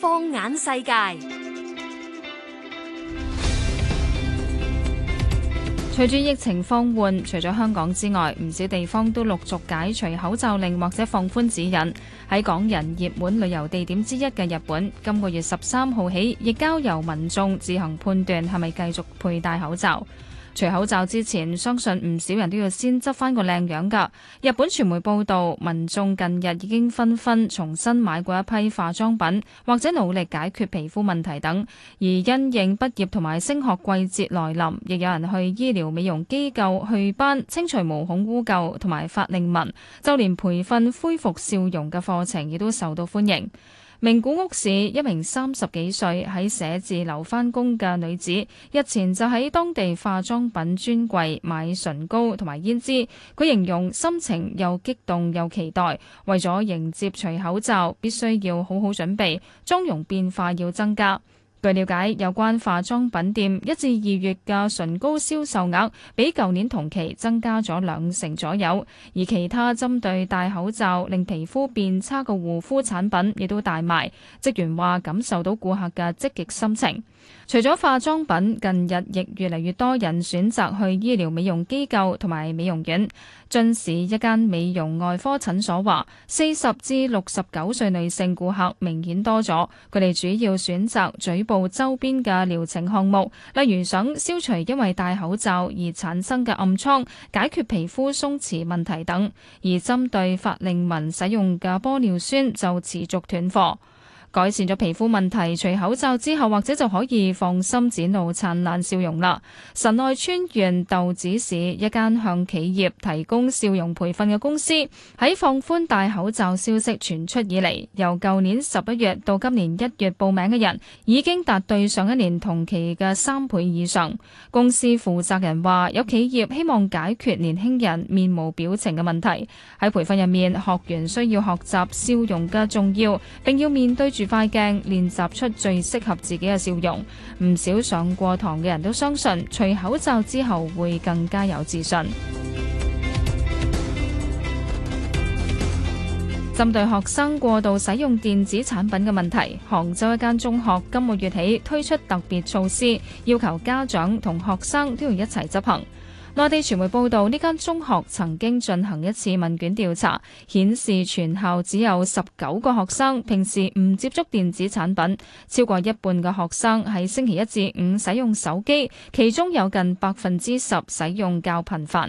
放眼世界，隨住疫情放緩，除咗香港之外，唔少地方都陸續解除口罩令或者放寬指引。喺港人熱門旅遊地點之一嘅日本，今個月十三號起，亦交由民眾自行判斷係咪繼續佩戴口罩。除口罩之前，相信唔少人都要先執翻個靚樣噶日本傳媒報道，民眾近日已經紛紛重新買過一批化妝品，或者努力解決皮膚問題等。而因應畢業同埋升學季節來臨，亦有人去醫療美容機構祛斑、清除毛孔污垢同埋法令紋，就連培訓恢復笑容嘅課程亦都受到歡迎。名古屋市一名三十幾歲喺寫字樓返工嘅女子，日前就喺當地化妝品專櫃買唇膏同埋胭脂。佢形容心情又激動又期待，為咗迎接除口罩，必須要好好準備，妝容變化要增加。據了解，有關化妝品店一至二月嘅唇膏銷售額比舊年同期增加咗兩成左右，而其他針對戴口罩令皮膚變差嘅護膚產品亦都大賣。職員話感受到顧客嘅積極心情。除咗化妝品，近日亦越嚟越多人選擇去醫療美容機構同埋美容院。進士一間美容外科診所話，四十至六十九歲女性顧客明顯多咗，佢哋主要選擇嘴部周邊嘅療程項目，例如想消除因為戴口罩而產生嘅暗瘡、解決皮膚鬆弛問題等，而針對法令紋使用嘅玻尿酸就持續斷貨。改善咗皮膚問題，除口罩之後，或者就可以放心展露燦爛笑容啦。神奈川縣逗子市一間向企業提供笑容培訓嘅公司，喺放寬戴口罩消息傳出以嚟，由舊年十一月到今年一月報名嘅人已經達對上一年同期嘅三倍以上。公司負責人話：有企業希望解決年輕人面無表情嘅問題，喺培訓入面，學員需要學習笑容嘅重要，並要面對住住塊鏡練習出最適合自己嘅笑容，唔少上過堂嘅人都相信，除口罩之後會更加有自信。 針對學生過度使用電子產品嘅問題，杭州一間中學今個月起推出特別措施，要求家長同學生都要一齊執行。內地傳媒報導，呢間中學曾經進行一次問卷調查，顯示全校只有十九個學生平時唔接觸電子產品，超過一半嘅學生喺星期一至五使用手機，其中有近百分之十使用較頻繁。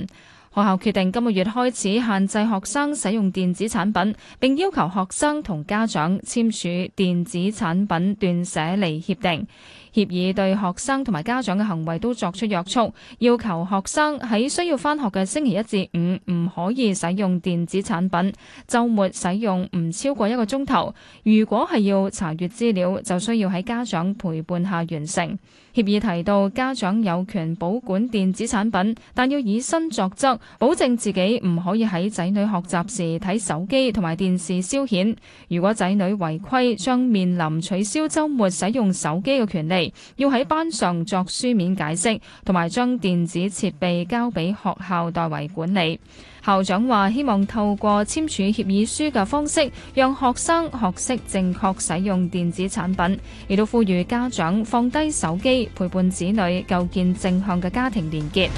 學校決定今個月開始限制學生使用電子產品，並要求學生同家長簽署電子產品斷捨離協定。協議對學生同埋家長嘅行為都作出約束，要求學生喺需要返學嘅星期一至五唔可以使用電子產品，週末使用唔超過一個鐘頭。如果係要查閲資料，就需要喺家長陪伴下完成。協議提到家長有權保管電子產品，但要以身作則，保證自己唔可以喺仔女學習時睇手機同埋電視消遣。如果仔女違規，將面臨取消週末使用手機嘅權利。要喺班上作書面解釋，同埋將電子設備交俾學校代為管理。校長話，希望透過簽署協議書嘅方式，讓學生學識正確使用電子產品，亦都呼籲家長放低手機，陪伴子女，構建正向嘅家庭連結。